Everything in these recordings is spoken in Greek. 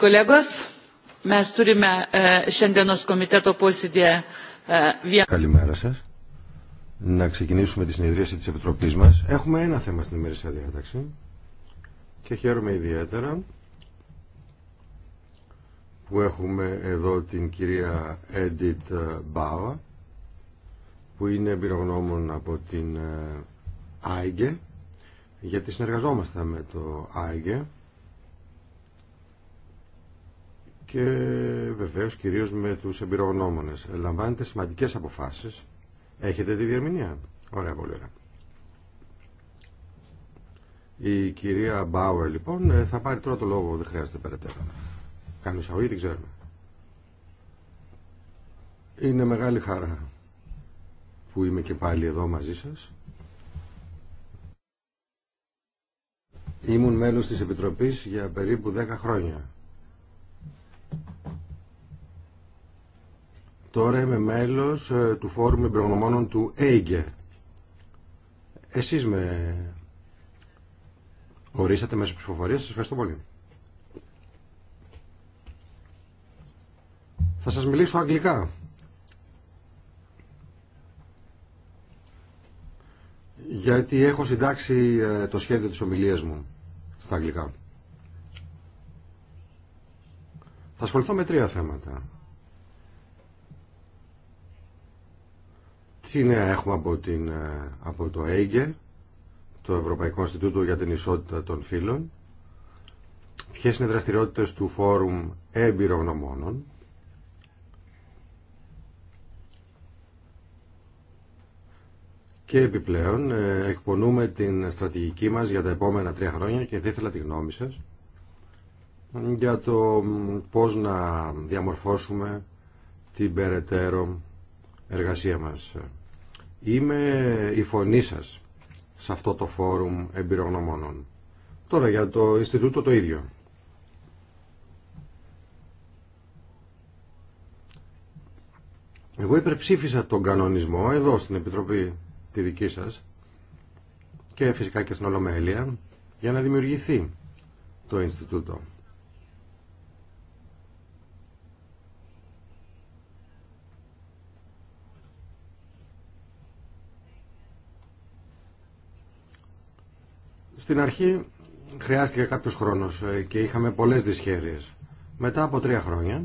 kolegos, mes turime e, šiandienos komiteto e, vieną. Καλημέρα σα. Να ξεκινήσουμε τη συνεδρίαση τη Επιτροπής μα. Έχουμε ένα θέμα στην ημερήσια διάταξη και χαίρομαι ιδιαίτερα που έχουμε εδώ την κυρία Εντιτ Μπάουα που είναι εμπειρογνώμων από την ε, ΆΙΓΕ γιατί συνεργαζόμαστε με το ΆΙΓΕ και βεβαίως κυρίως με τους εμπειρογνώμονες. Λαμβάνετε σημαντικές αποφάσεις. Έχετε τη διερμηνία. Ωραία, πολύ ωραία. Η κυρία Μπάουερ λοιπόν ε, θα πάρει τώρα το λόγο, δεν χρειάζεται περαιτέρω. Κάνει εισαγωγή, την ξέρουμε. Είναι μεγάλη χαρά που είμαι και πάλι εδώ μαζί σας. Ήμουν μέλος της Επιτροπής για περίπου 10 χρόνια Τώρα είμαι μέλος ε, του Φόρουμ Εμπειρογνωμόνων του ΕΙΓΕ. Εσείς με ορίσατε μέσω ψηφοφορίας. Σας ευχαριστώ πολύ. Θα σας μιλήσω αγγλικά. Γιατί έχω συντάξει ε, το σχέδιο της ομιλίας μου στα αγγλικά. Θα ασχοληθώ με τρία θέματα. Τι νέα έχουμε από, την, ε, από το έγε το Ευρωπαϊκό Ινστιτούτο για την Ισότητα των Φύλων. Ποιες είναι οι δραστηριότητες του Φόρουμ Εμπειρογνωμόνων. Και επιπλέον ε, εκπονούμε την στρατηγική μας για τα επόμενα τρία χρόνια και θα ήθελα τη γνώμη σας για το πώς να διαμορφώσουμε την περαιτέρω εργασία μας. Είμαι η φωνή σας σε αυτό το φόρουμ εμπειρογνωμόνων. Τώρα για το Ινστιτούτο το ίδιο. Εγώ υπερψήφισα τον κανονισμό εδώ στην Επιτροπή τη δική σας και φυσικά και στην Ολομέλεια για να δημιουργηθεί το Ινστιτούτο. Στην αρχή χρειάστηκε κάποιος χρόνος ε, και είχαμε πολλές δυσχέρειες. Μετά από τρία χρόνια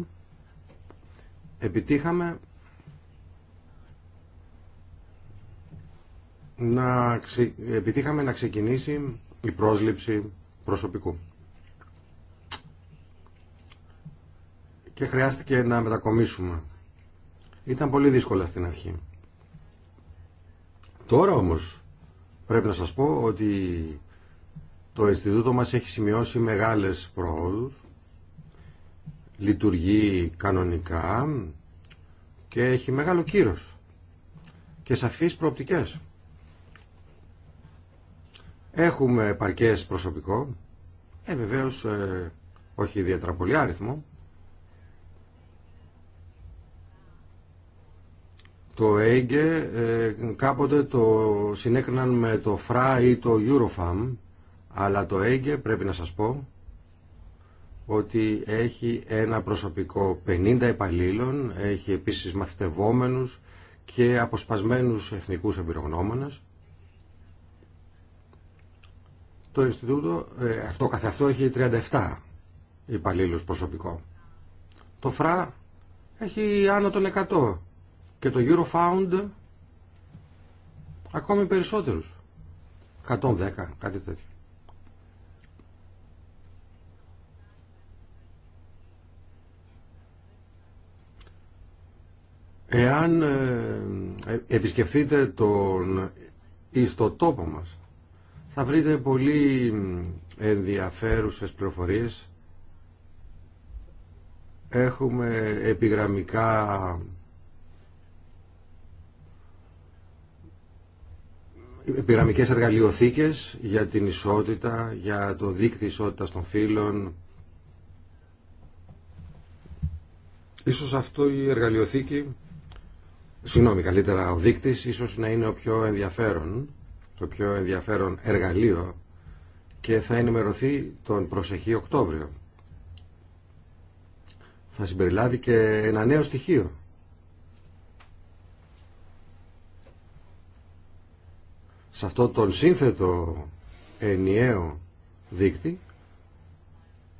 επιτύχαμε να, επιτύχαμε να ξεκινήσει η πρόσληψη προσωπικού. Και χρειάστηκε να μετακομίσουμε. Ήταν πολύ δύσκολα στην αρχή. Τώρα όμως πρέπει να σας πω ότι το Ινστιτούτο μας έχει σημειώσει μεγάλες πρόοδους, λειτουργεί κανονικά και έχει μεγάλο κύρος και σαφείς προοπτικές. Έχουμε παρκές προσωπικό, ε, βεβαίως ε, όχι ιδιαίτερα πολύ άριθμο. Το ΕΙΓΕ κάποτε το συνέκριναν με το ΦΡΑ ή το Eurofam, αλλά το ΕΓΚΕ πρέπει να σας πω ότι έχει ένα προσωπικό 50 υπαλλήλων, έχει επίσης μαθητευόμενους και αποσπασμένους εθνικούς εμπειρογνώμονες. Το Ινστιτούτο, ε, αυτό καθεαυτό έχει 37 υπαλλήλους προσωπικό. Το ΦΡΑ έχει άνω των 100 και το Eurofound ακόμη περισσότερους. 110, κάτι τέτοιο. Εάν ε, ε, επισκεφθείτε τον ιστοτόπο μας, θα βρείτε πολύ ενδιαφέρουσες πληροφορίες. Έχουμε επιγραμμικά επιγραμμικές εργαλειοθήκες για την ισότητα, για το δίκτυο ισότητας των φύλων. Ίσως αυτό η εργαλειοθήκη Συγγνώμη, καλύτερα ο δείκτης ίσως να είναι ο πιο ενδιαφέρον, το πιο ενδιαφέρον εργαλείο και θα ενημερωθεί τον προσεχή Οκτώβριο. Θα συμπεριλάβει και ένα νέο στοιχείο. Σε αυτό τον σύνθετο ενιαίο δείκτη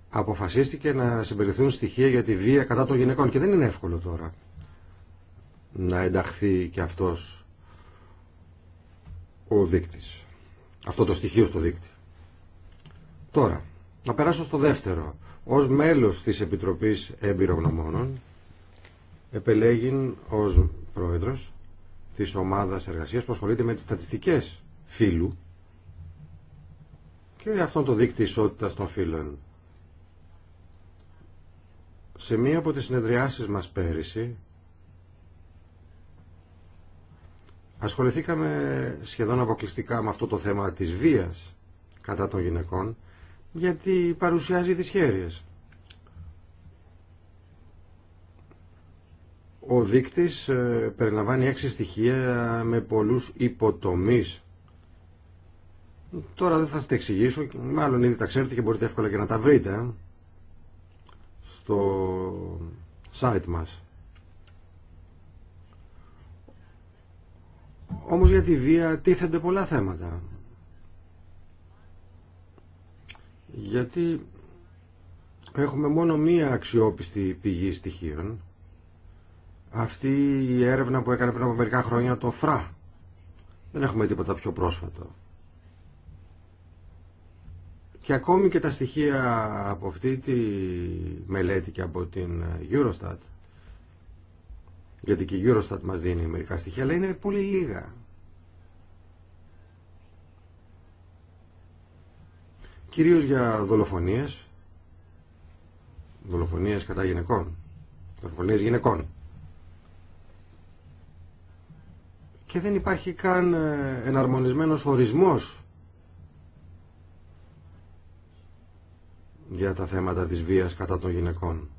αποφασίστηκε να συμπεριθούν στοιχεία για τη βία κατά των γυναικών και δεν είναι εύκολο τώρα να ενταχθεί και αυτός ο δείκτης. Αυτό το στοιχείο στο δείκτη. Τώρα, να περάσω στο δεύτερο. Ως μέλος της Επιτροπής Εμπειρογνωμόνων επελέγει ως πρόεδρος της ομάδας εργασίας που ασχολείται με τις στατιστικές φύλου και αυτόν το δείκτη ισότητας των φύλων. Σε μία από τις συνεδριάσεις μας πέρυσι Ασχοληθήκαμε σχεδόν αποκλειστικά με αυτό το θέμα της βίας κατά των γυναικών γιατί παρουσιάζει δυσχέρειες. Ο δείκτης ε, περιλαμβάνει έξι στοιχεία με πολλούς υποτομείς. Τώρα δεν θα σας τα εξηγήσω, μάλλον ήδη τα ξέρετε και μπορείτε εύκολα και να τα βρείτε ε, στο site μας. Όμως για τη βία τίθενται πολλά θέματα. Γιατί έχουμε μόνο μία αξιόπιστη πηγή στοιχείων. Αυτή η έρευνα που έκανε πριν από μερικά χρόνια το ΦΡΑ. Δεν έχουμε τίποτα πιο πρόσφατο. Και ακόμη και τα στοιχεία από αυτή τη μελέτη και από την Eurostat γιατί και η Eurostat μας δίνει μερικά στοιχεία, αλλά είναι πολύ λίγα. Κυρίως για δολοφονίες, δολοφονίες κατά γυναικών, δολοφονίες γυναικών. Και δεν υπάρχει καν ε, εναρμονισμένος ορισμός για τα θέματα της βίας κατά των γυναικών.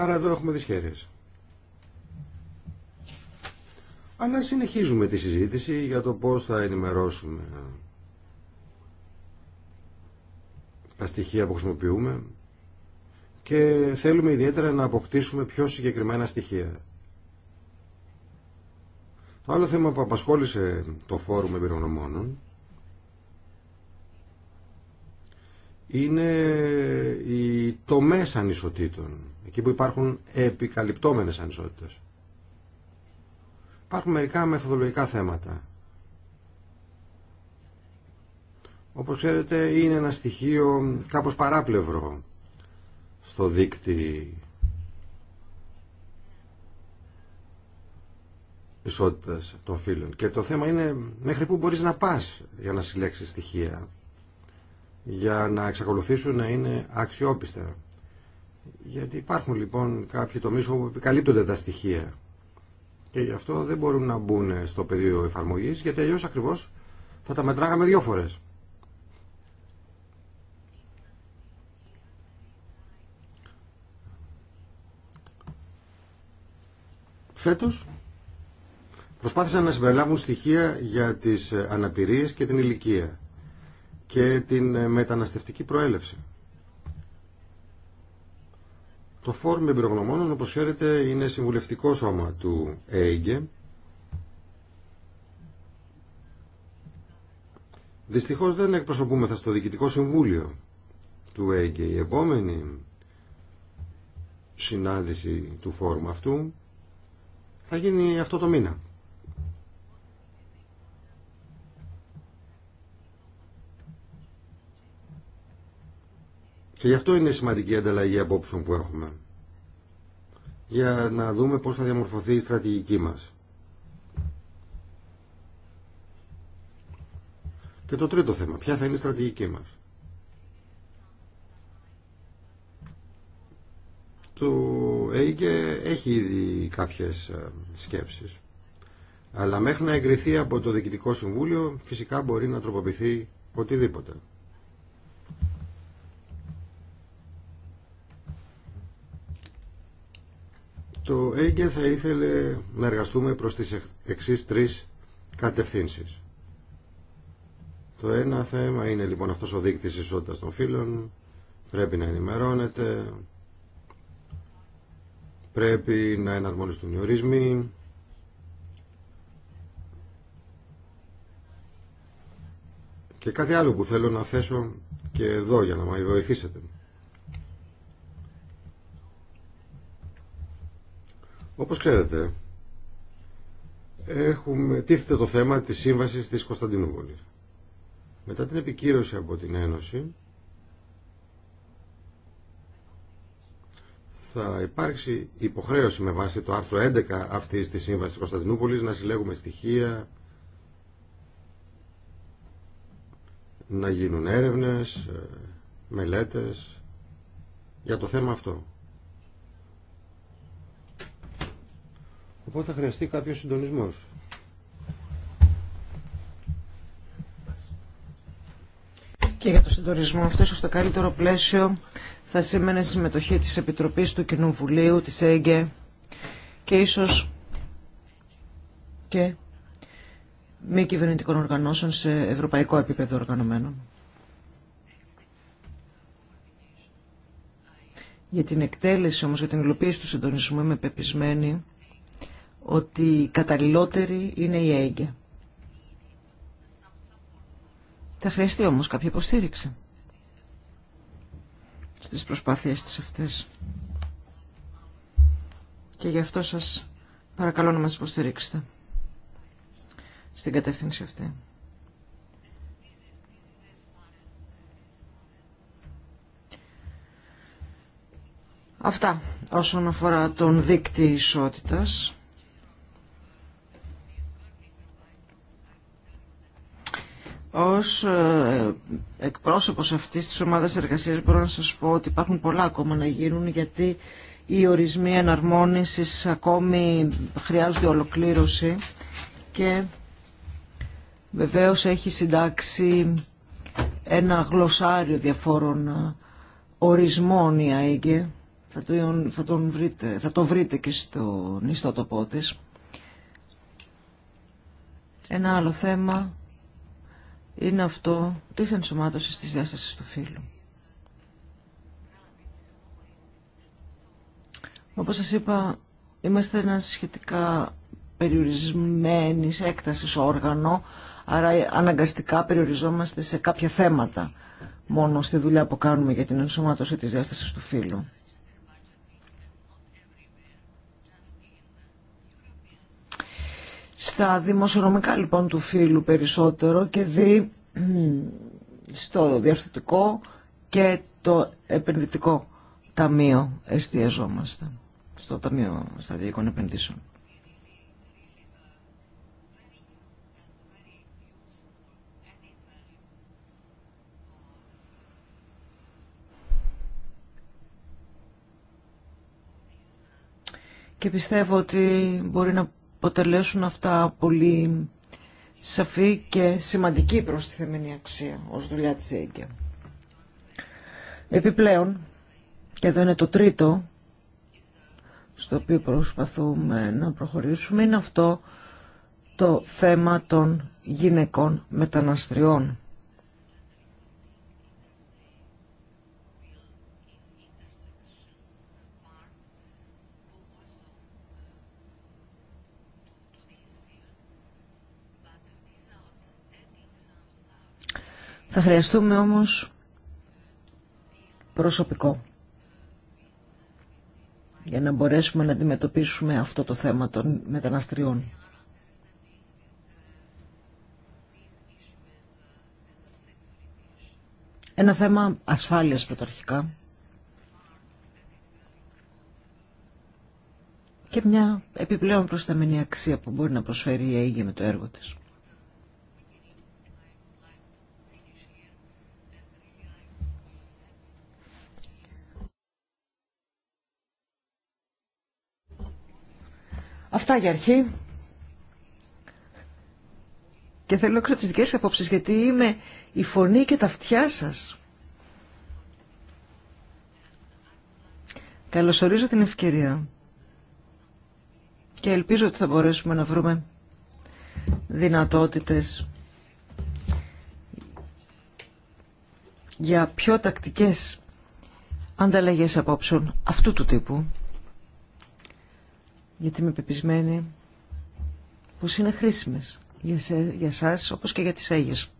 Άρα εδώ έχουμε δυσχέρειες. Αλλά συνεχίζουμε τη συζήτηση για το πώς θα ενημερώσουμε τα στοιχεία που χρησιμοποιούμε και θέλουμε ιδιαίτερα να αποκτήσουμε πιο συγκεκριμένα στοιχεία. Το άλλο θέμα που απασχόλησε το φόρουμ εμπειρογνωμόνων είναι οι τομές ανισοτήτων, εκεί που υπάρχουν επικαλυπτόμενες ανισότητες. Υπάρχουν μερικά μεθοδολογικά θέματα. Όπως ξέρετε είναι ένα στοιχείο κάπως παράπλευρο στο δίκτυ ισότητας των φίλων. Και το θέμα είναι μέχρι πού μπορείς να πας για να συλλέξεις στοιχεία για να εξακολουθήσουν να είναι αξιόπιστα. Γιατί υπάρχουν λοιπόν κάποιοι τομείς όπου επικαλύπτονται τα στοιχεία και γι' αυτό δεν μπορούν να μπουν στο πεδίο εφαρμογής γιατί αλλιώ ακριβώς θα τα μετράγαμε δύο φορές. Φέτος προσπάθησαν να συμπεριλάβουν στοιχεία για τις αναπηρίες και την ηλικία και την ε, μεταναστευτική προέλευση. Το Φόρουμ Εμπειρογνωμόνων, όπως ξέρετε, είναι συμβουλευτικό σώμα του ΕΕΓΕ. Δυστυχώς δεν εκπροσωπούμεθα στο Διοικητικό Συμβούλιο του ΕΕΓΕ. Η επόμενη συνάντηση του φόρουμ αυτού θα γίνει αυτό το μήνα. Και γι' αυτό είναι σημαντική η ανταλλαγή απόψεων που έχουμε. Για να δούμε πώς θα διαμορφωθεί η στρατηγική μας. Και το τρίτο θέμα, ποια θα είναι η στρατηγική μας. Το ΕΙΚΕ έχει ήδη κάποιες ε, σκέψεις. Αλλά μέχρι να εγκριθεί από το Διοικητικό Συμβούλιο φυσικά μπορεί να τροποποιηθεί οτιδήποτε. Το ΕΚΕ θα ήθελε να εργαστούμε προς τις εξής τρεις κατευθύνσεις. Το ένα θέμα είναι λοιπόν αυτός ο δείκτης ισότητας των φύλων, πρέπει να ενημερώνεται, πρέπει να εναρμονιστούν οι ορισμοί, και κάτι άλλο που θέλω να θέσω και εδώ για να με βοηθήσετε. Όπως ξέρετε, έχουμε, τίθεται το θέμα της σύμβασης της Κωνσταντινούπολης. Μετά την επικύρωση από την Ένωση, θα υπάρξει υποχρέωση με βάση το άρθρο 11 αυτής της σύμβασης της Κωνσταντινούπολης να συλλέγουμε στοιχεία, να γίνουν έρευνες, ε, μελέτες για το θέμα αυτό. Οπότε θα χρειαστεί κάποιο συντονισμό. Και για το συντονισμό αυτό, στο καλύτερο πλαίσιο θα σημαίνει συμμετοχή της Επιτροπής του Κοινοβουλίου, της ΕΓΕ και ίσως και μη κυβερνητικών οργανώσεων σε ευρωπαϊκό επίπεδο οργανωμένων. Για την εκτέλεση όμως, για την υλοποίηση του συντονισμού είμαι πεπισμένη ότι η είναι η έγκαια. Θα χρειαστεί όμως κάποια υποστήριξη στις προσπάθειές της αυτές. Και γι' αυτό σας παρακαλώ να μας υποστηρίξετε στην κατεύθυνση αυτή. Αυτά όσον αφορά τον δίκτυο ισότητας. Ως ε, εκπρόσωπος αυτής της ομάδας εργασίας μπορώ να σας πω ότι υπάρχουν πολλά ακόμα να γίνουν γιατί οι ορισμοί εναρμόνισης ακόμη χρειάζονται ολοκλήρωση και βεβαίως έχει συντάξει ένα γλωσσάριο διαφόρων ε, ορισμών η ΑΕΚΕ. Θα, τον, ε, θα, τον βρείτε, θα το βρείτε και στο ιστότοπό της. Ένα άλλο θέμα είναι αυτό τη ενσωμάτωση τη διάσταση του φύλου. Όπως σας είπα, είμαστε ένα σχετικά περιορισμένης έκτασης όργανο, άρα αναγκαστικά περιοριζόμαστε σε κάποια θέματα μόνο στη δουλειά που κάνουμε για την ενσωμάτωση της διάστασης του φύλου. στα δημοσιονομικά λοιπόν του φίλου περισσότερο και δει στο διαρθρωτικό και το επενδυτικό ταμείο εστιαζόμαστε στο Ταμείο Στρατηγικών Επενδύσεων. Και πιστεύω ότι μπορεί να αποτελέσουν αυτά πολύ σαφή και σημαντική θεμενή αξία ως δουλειά της ΕΕΚΕ. Επιπλέον, και εδώ είναι το τρίτο στο οποίο προσπαθούμε να προχωρήσουμε, είναι αυτό το θέμα των γυναικών μεταναστριών. Θα χρειαστούμε όμως προσωπικό για να μπορέσουμε να αντιμετωπίσουμε αυτό το θέμα των μεταναστριών. Ένα θέμα ασφάλειας πρωταρχικά και μια επιπλέον προσταμενή αξία που μπορεί να προσφέρει η ΑΕΓΕ με το έργο της. Αυτά για αρχή. Και θέλω να τι δικέ απόψεις γιατί είμαι η φωνή και τα αυτιά σα. Καλωσορίζω την ευκαιρία και ελπίζω ότι θα μπορέσουμε να βρούμε δυνατότητες για πιο τακτικές ανταλλαγές απόψεων αυτού του τύπου γιατί είμαι πεπισμένη πως είναι χρήσιμες για, σε, για σας όπως και για τις Αίγες.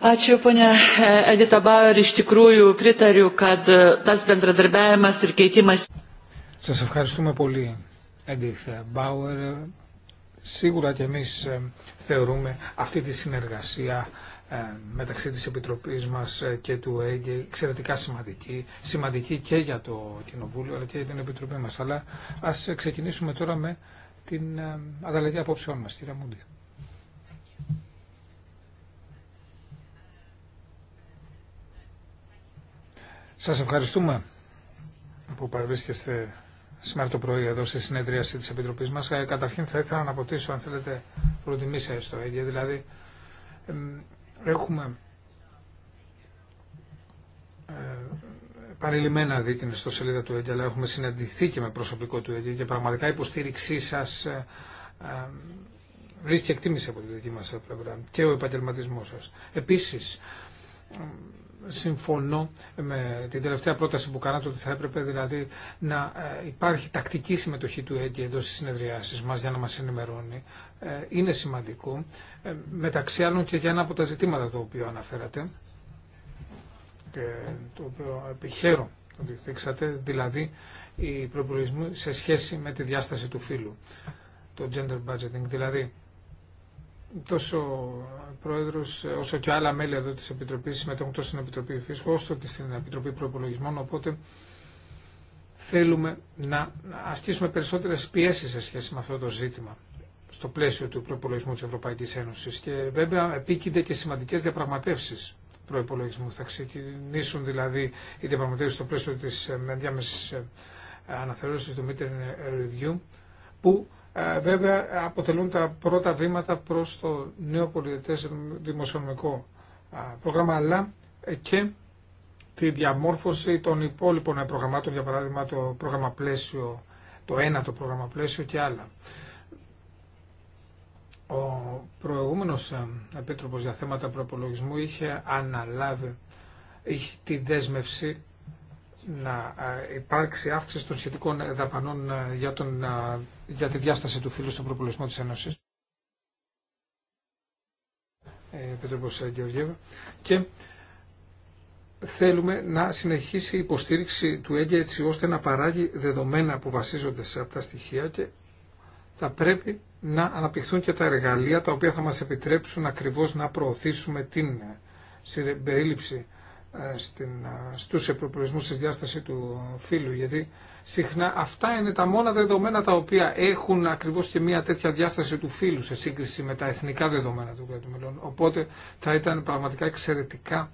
Ačiū, ponia eh, Edita Bauer. Iš tikrųjų, pritariu, kad eh, tas bendradarbiavimas ir keitimas. Σας ευχαριστούμε πολύ, Edita Bauer. Σίγουρα και εμείς eh, θεωρούμε αυτή τη συνεργασία ε, μεταξύ της Επιτροπής μας ε, και του ΕΓΕ εξαιρετικά σημαντική, σημαντική και για το Κοινοβούλιο αλλά και για την Επιτροπή μας. Αλλά ας ξεκινήσουμε τώρα με την ε, ανταλλαγή απόψεών μας, κύριε Μούντι. Σας ευχαριστούμε που παρευρίσκεστε σήμερα το πρωί εδώ στη συνεδρίαση της Επιτροπής μας. Καταρχήν θα ήθελα να αποτίσω, αν θέλετε, προτιμήσεις στο ΕΓΕ δηλαδή έχουμε ε, παρελειμμένα δει την ιστοσελίδα του ΕΚΙ, αλλά έχουμε συναντηθεί και με προσωπικό του ΕΚΙ και πραγματικά η υποστήριξή σας ε, ε, βρίσκει εκτίμηση από τη δική μα πλευρά και ο επαγγελματισμός σας. Επίσης, συμφωνώ με την τελευταία πρόταση που κάνατε ότι θα έπρεπε δηλαδή να ε, υπάρχει τακτική συμμετοχή του ΕΚΕ εδώ στις συνεδριάσεις μας για να μας ενημερώνει. Ε, είναι σημαντικό, ε, μεταξύ άλλων και για ένα από τα ζητήματα το οποίο αναφέρατε και το οποίο επιχαίρω ότι δείξατε, δηλαδή οι προπολογισμοί σε σχέση με τη διάσταση του φύλου, το gender budgeting, δηλαδή τόσο ο πρόεδρο όσο και άλλα μέλη εδώ τη Επιτροπή συμμετέχουν τόσο στην Επιτροπή Φύσκου όσο και στην Επιτροπή Προπολογισμών. Οπότε θέλουμε να ασκήσουμε περισσότερε πιέσει σε σχέση με αυτό το ζήτημα στο πλαίσιο του προπολογισμού τη Ευρωπαϊκή Ένωση. Και βέβαια επίκυνται και σημαντικέ διαπραγματεύσει προπολογισμού. Θα ξεκινήσουν δηλαδή οι διαπραγματεύσει στο πλαίσιο τη ε, διάμεση ε, αναθεώρηση του Meeting Review που ε, βέβαια αποτελούν τα πρώτα βήματα προς το νέο πολιτευτές δημοσιονομικό ε, πρόγραμμα αλλά και τη διαμόρφωση των υπόλοιπων ε, προγραμμάτων, για παράδειγμα το πρόγραμμα πλαίσιο, το ένατο πρόγραμμα πλαίσιο και άλλα. Ο προηγούμενος επίτροπος για θέματα προπολογισμού είχε αναλάβει είχε τη δέσμευση να υπάρξει αύξηση των σχετικών δαπανών για, τον, για τη διάσταση του φύλου στον προπολογισμό της Ένωσης. Ε, και θέλουμε να συνεχίσει η υποστήριξη του ΕΓΕ έτσι ώστε να παράγει δεδομένα που βασίζονται σε αυτά τα στοιχεία και θα πρέπει να αναπτυχθούν και τα εργαλεία τα οποία θα μας επιτρέψουν ακριβώς να προωθήσουμε την ε, συμπερίληψη ε, στην, ε, στους επροπλισμούς στη διάσταση του φύλου γιατί συχνά αυτά είναι τα μόνα δεδομένα τα οποία έχουν ακριβώς και μια τέτοια διάσταση του φύλου σε σύγκριση με τα εθνικά δεδομένα του κράτου μελών οπότε θα ήταν πραγματικά εξαιρετικά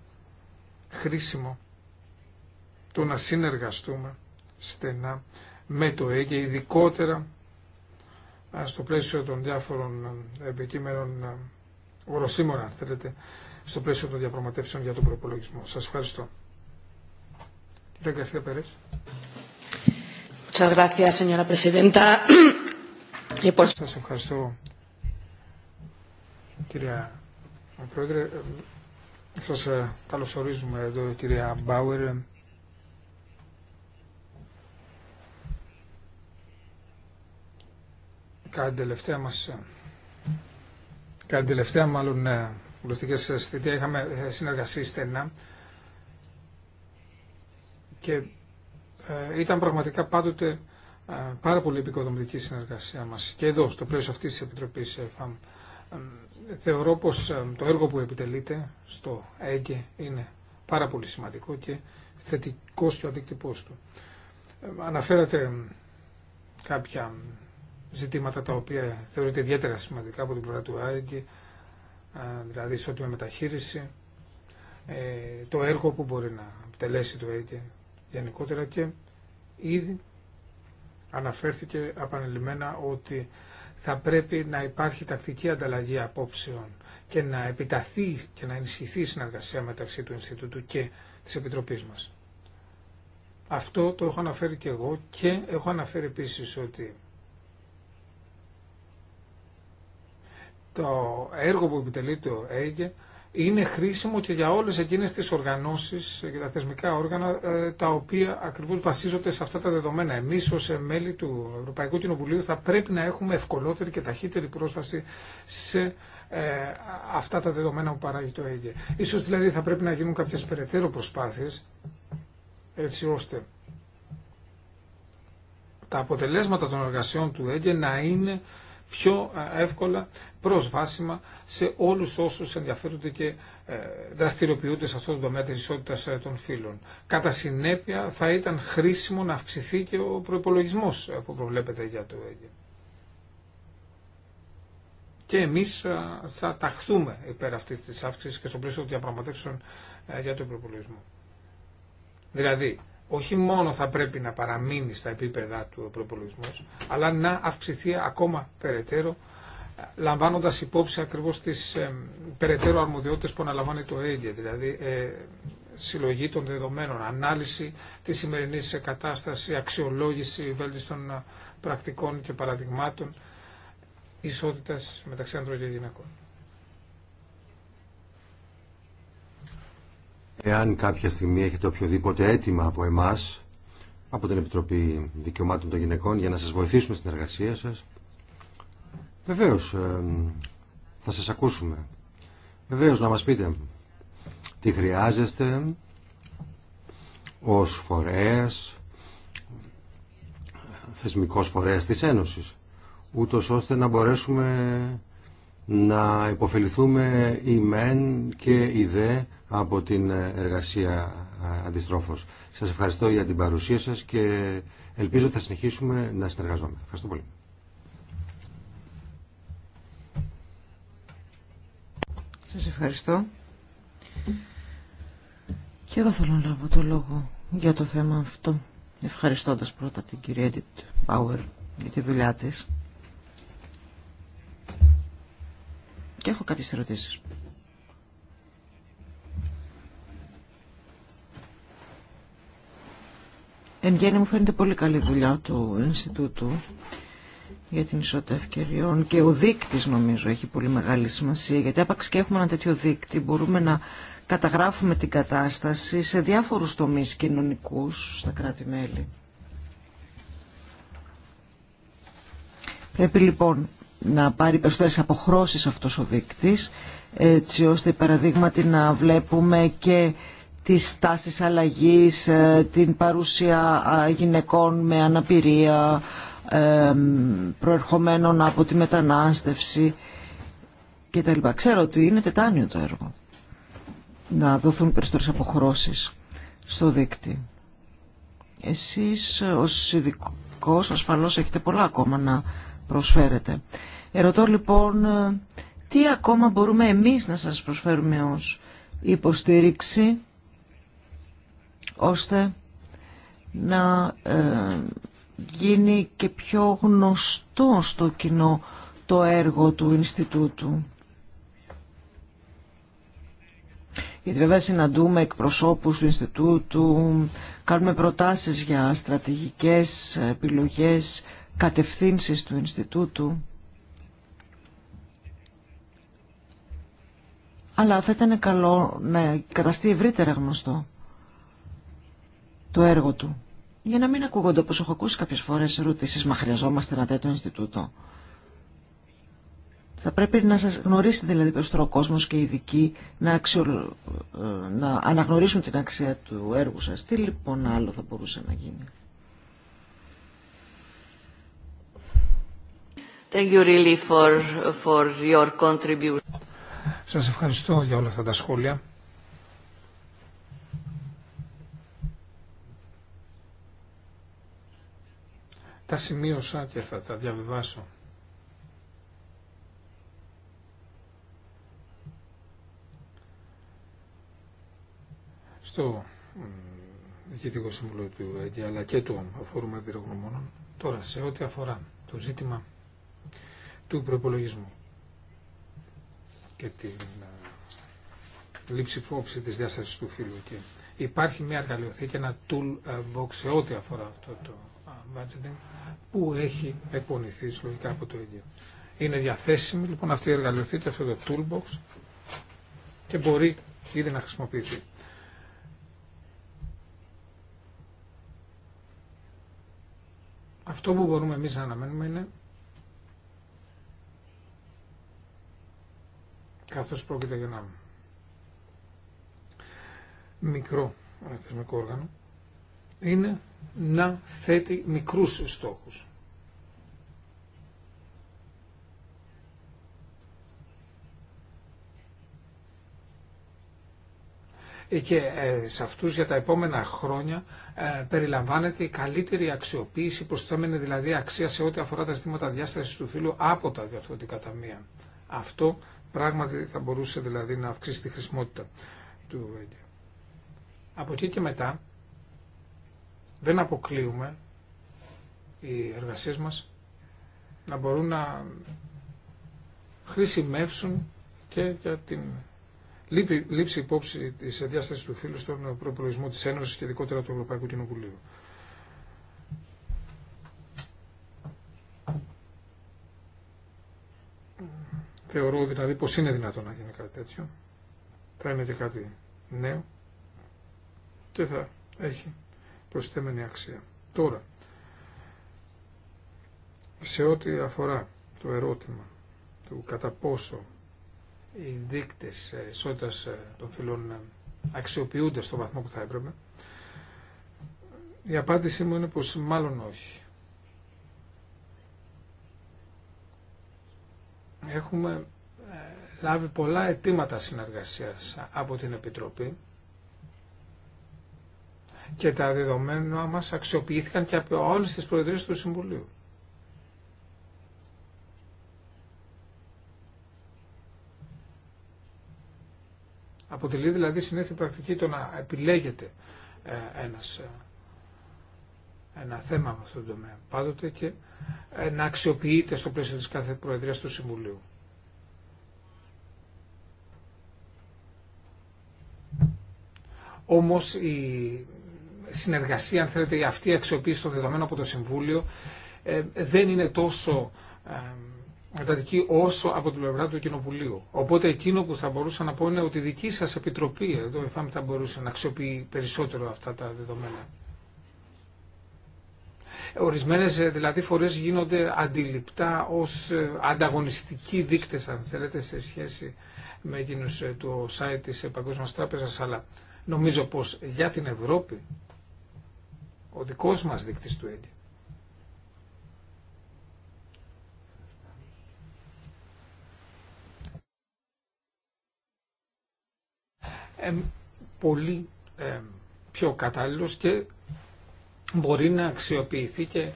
χρήσιμο το να συνεργαστούμε στενά με το ΕΚΕ ειδικότερα ε, στο πλαίσιο των διάφορων επικείμενων οροσίμων αν θέλετε στο πλαίσιο των διαπραγματεύσεων για τον προπολογισμό. Σας ευχαριστώ. Κύριε Γκαρθία Περές. Σας ευχαριστώ, κυρία Πρόεδρε. Σας ε, καλωσορίζουμε εδώ, κυρία Μπάουερ. Κάτι τελευταία μας... Ε, Κάτι τελευταία μάλλον ε, ε, στη θητεία είχαμε ε, συνεργαστεί στενά και ε, ήταν πραγματικά πάντοτε πάρα πολύ επικοδομητική συνεργασία μας και εδώ στο πλαίσιο αυτής της Επιτροπής ΕΦΑΜ. Θεωρώ πως το έργο που επιτελείται στο ΕΚΕ είναι πάρα πολύ σημαντικό και θετικό και ο αντίκτυπός του. Αναφέρατε κάποια ζητήματα τα οποία θεωρείται ιδιαίτερα σημαντικά από την πλευρά του ΑΕΚ δηλαδή ισότιμη μεταχείριση, ε, το έργο που μπορεί να τελέσει το ΕΚΕ γενικότερα και ήδη αναφέρθηκε απανελειμμένα ότι θα πρέπει να υπάρχει τακτική ανταλλαγή απόψεων και να επιταθεί και να ενισχυθεί η συνεργασία μεταξύ του Ινστιτούτου και της Επιτροπής μας. Αυτό το έχω αναφέρει και εγώ και έχω αναφέρει επίσης ότι το έργο που επιτελεί το ΕΕΓΕ είναι χρήσιμο και για όλες εκείνες τις οργανώσεις και τα θεσμικά όργανα ε, τα οποία ακριβώς βασίζονται σε αυτά τα δεδομένα. Εμείς ως μέλη του Ευρωπαϊκού Κοινοβουλίου θα πρέπει να έχουμε ευκολότερη και ταχύτερη πρόσβαση σε ε, αυτά τα δεδομένα που παράγει το ΕΕΓΕ. Ίσως δηλαδή θα πρέπει να γίνουν κάποιες περαιτέρω προσπάθειες έτσι ώστε τα αποτελέσματα των εργασιών του ΕΓΕ να είναι πιο εύκολα προσβάσιμα σε όλους όσους ενδιαφέρονται και ε, δραστηριοποιούνται σε αυτό το τομέα της ισότητας ε, των φύλων. Κατά συνέπεια θα ήταν χρήσιμο να αυξηθεί και ο προπολογισμό ε, που προβλέπεται για το ΕΓΕ. Και εμείς θα ταχθούμε υπέρ αυτής της αύξησης και στο πλαίσιο των διαπραγματεύσεων για τον προπολογισμό. Δηλαδή, όχι μόνο θα πρέπει να παραμείνει στα επίπεδα του ο αλλά να αυξηθεί ακόμα περαιτέρω, λαμβάνοντας υπόψη ακριβώς τις περαιτέρω αρμοδιότητες που αναλαμβάνει το ίδιο δηλαδή ε, συλλογή των δεδομένων, ανάλυση της σημερινής κατάστασης, αξιολόγηση βέλτιστων ε, πρακτικών και παραδειγμάτων ισότητας μεταξύ ανδρών και γυναικών. Εάν κάποια στιγμή έχετε οποιοδήποτε αίτημα από εμάς, από την Επιτροπή Δικαιωμάτων των Γυναικών, για να σας βοηθήσουμε στην εργασία σας, βεβαίως ε, θα σας ακούσουμε. Βεβαίως να μας πείτε τι χρειάζεστε ως φορέας, θεσμικός φορέας της Ένωσης, ούτως ώστε να μπορέσουμε να υποφεληθούμε η μεν και η δε από την εργασία αντιστρόφως. Σας ευχαριστώ για την παρουσία σας και ελπίζω ότι θα συνεχίσουμε να συνεργαζόμαστε. Ευχαριστώ πολύ. Σας ευχαριστώ. Και εγώ θέλω να λάβω το λόγο για το θέμα αυτό, ευχαριστώντας πρώτα την κυρία Edith Bauer για τη δουλειά της. Και έχω κάποιες ερωτήσεις. Εν γέννη μου φαίνεται πολύ καλή δουλειά του Ινστιτούτου για την ισότητα ευκαιριών και ο δείκτης νομίζω έχει πολύ μεγάλη σημασία γιατί άπαξ και έχουμε ένα τέτοιο δείκτη μπορούμε να καταγράφουμε την κατάσταση σε διάφορους τομείς κοινωνικούς στα κράτη-μέλη. Πρέπει λοιπόν να πάρει περισσότερες αποχρώσεις αυτός ο δείκτης έτσι ώστε παραδείγματι να βλέπουμε και τις τάσεις αλλαγής, ε, την παρουσία γυναικών με αναπηρία, ε, προερχομένων από τη μετανάστευση κτλ. Ξέρω ότι είναι τετάνιο το έργο να δοθούν περισσότερες αποχρώσεις στο δίκτη. Εσείς ως ειδικό ασφαλώς έχετε πολλά ακόμα να προσφέρετε. Ερωτώ λοιπόν ε, τι ακόμα μπορούμε εμείς να σας προσφέρουμε ως υποστήριξη ώστε να ε, γίνει και πιο γνωστό στο κοινό το έργο του Ινστιτούτου. Γιατί βέβαια συναντούμε εκπροσώπους του Ινστιτούτου, κάνουμε προτάσεις για στρατηγικές επιλογές, κατευθύνσεις του Ινστιτούτου. αλλά θα ήταν καλό να καταστεί ευρύτερα γνωστό το έργο του. Για να μην ακούγονται όπως έχω ακούσει κάποιες φορές ρωτήσεις, μα χρειαζόμαστε ένα τέτοιο Ινστιτούτο. Θα πρέπει να σας γνωρίσετε δηλαδή περισσότερο ο κόσμος και οι ειδικοί να, ε, να αναγνωρίσουν την αξία του έργου σας. Τι λοιπόν άλλο θα μπορούσε να γίνει. Thank you really for, for your σας ευχαριστώ για όλα αυτά τα σχόλια. Τα σημείωσα και θα τα διαβιβάσω. Στο Διοικητικό Σύμβουλο του ΕΚΕ αλλά και του Φόρουμ Εμπειρογνωμόνων τώρα σε ό,τι αφορά το ζήτημα του προπολογισμού και την ε, λήψη υπόψη της διάστασης του φύλου εκεί. Υπάρχει μια εργαλειοθήκη, ένα toolbox ε, σε ό,τι αφορά αυτό το ε, budgeting που έχει εκπονηθεί συλλογικά από το ίδιο. Είναι διαθέσιμη λοιπόν αυτή η εργαλειοθήκη, αυτό το toolbox και μπορεί ήδη να χρησιμοποιηθεί. Αυτό που μπορούμε εμείς να αναμένουμε είναι καθώς πρόκειται για ένα μικρό θεσμικό όργανο, είναι να θέτει μικρούς στόχους. Ε, και ε, σε αυτούς για τα επόμενα χρόνια ε, περιλαμβάνεται η καλύτερη αξιοποίηση, προσθέμενη δηλαδή αξία σε ό,τι αφορά τα ζητήματα διάστασης του φύλου από τα διαφορετικά ταμεία. Αυτό Πράγματι θα μπορούσε δηλαδή να αυξήσει τη χρησιμότητα του ΕΚΕ. Από εκεί και μετά δεν αποκλείουμε οι εργασίες μας να μπορούν να χρησιμεύσουν και για την λήψη υπόψη της διάστασης του φίλου στον προπολογισμό της Ένωσης και ειδικότερα του Ευρωπαϊκού Κοινοβουλίου. Θεωρώ δηλαδή πως είναι δυνατόν να γίνει κάτι τέτοιο. Θα είναι και κάτι νέο και θα έχει προσθέμενη αξία. Τώρα, σε ό,τι αφορά το ερώτημα του κατά πόσο οι δείκτες ισότητας των φυλών αξιοποιούνται στο βαθμό που θα έπρεπε, η απάντησή μου είναι πως μάλλον όχι. έχουμε ε, λάβει πολλά αιτήματα συνεργασίας από την Επιτροπή και τα δεδομένα μας αξιοποιήθηκαν και από όλες τις προεδρίες του Συμβουλίου. Αποτελεί δηλαδή συνήθεια πρακτική το να επιλέγεται ε, ένας ε, ένα θέμα με αυτόν τον τομέα πάντοτε και ε, να αξιοποιείται στο πλαίσιο της κάθε Προεδρίας του Συμβουλίου. Όμως η συνεργασία, αν θέλετε, η αυτή αξιοποίηση των δεδομένων από το Συμβούλιο ε, δεν είναι τόσο ε, εντατική όσο από την πλευρά του Κοινοβουλίου. Οπότε εκείνο που θα μπορούσα να πω είναι ότι η δική σας Επιτροπή, εδώ θα μπορούσε να αξιοποιεί περισσότερο αυτά τα δεδομένα. Ορισμένες ε, δηλαδή φορές γίνονται αντιληπτά ως ε, ανταγωνιστικοί δείκτες αν θέλετε σε σχέση με εκείνους ε, του site της Παγκόσμιας Τράπεζας αλλά νομίζω πως για την Ευρώπη ο δικός μας δείκτης του ε πολύ ε, πιο κατάλληλος και μπορεί να αξιοποιηθεί και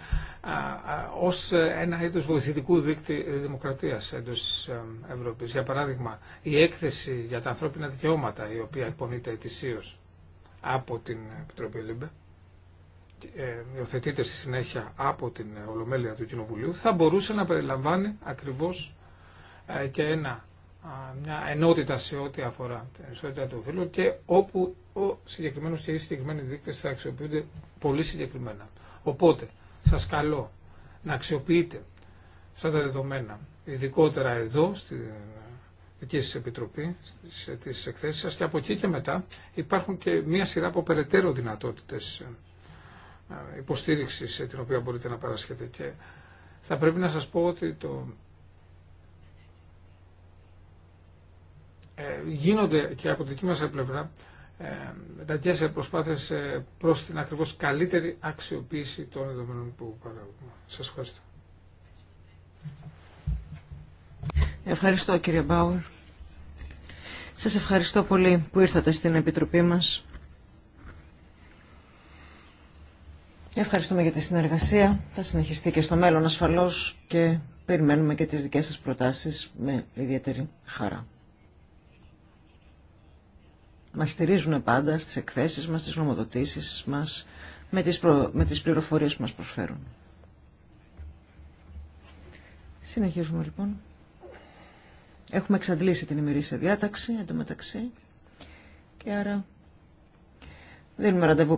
ως ένα είδος βοηθητικού δίκτυου δημοκρατίας εντός ε, Ευρώπης. Για παράδειγμα, η έκθεση για τα ανθρώπινα δικαιώματα, η οποία εκπονείται ετησίως από την Επιτροπή Λίμπε, ε, υιοθετείται στη συνέχεια από την Ολομέλεια του Κοινοβουλίου, θα μπορούσε να περιλαμβάνει ακριβώς ε, και ένα μια ενότητα σε ό,τι αφορά την ισότητα του και όπου ο συγκεκριμένο και οι συγκεκριμένοι δείκτε θα αξιοποιούνται πολύ συγκεκριμένα. Οπότε, σα καλώ να αξιοποιείτε σαν τα δεδομένα, ειδικότερα εδώ, στη δική σα επιτροπή, στι εκθέσει σα και από εκεί και μετά υπάρχουν και μια σειρά από περαιτέρω δυνατότητε υποστήριξη ε, την οποία μπορείτε να παρασχετε. Και θα πρέπει να σας πω ότι το Ε, γίνονται και από τη δική μας πλευρά ε, τέσσερα προσπάθειες ε, προς την ακριβώς καλύτερη αξιοποίηση των δεδομένων που παράγουμε. Σας ευχαριστώ. Ευχαριστώ κύριε Μπάουερ. Σας ευχαριστώ πολύ που ήρθατε στην Επιτροπή μας. Ευχαριστούμε για τη συνεργασία. Θα συνεχιστεί και στο μέλλον ασφαλώς και περιμένουμε και τις δικές σας προτάσεις με ιδιαίτερη χαρά μας στηρίζουν πάντα στις εκθέσεις μας, στις νομοδοτήσεις μας, με τις, προ... με τις πληροφορίες που μας προσφέρουν. Συνεχίζουμε λοιπόν. Έχουμε εξαντλήσει την ημερήσια διάταξη εντωμεταξύ και άρα δίνουμε ραντεβού.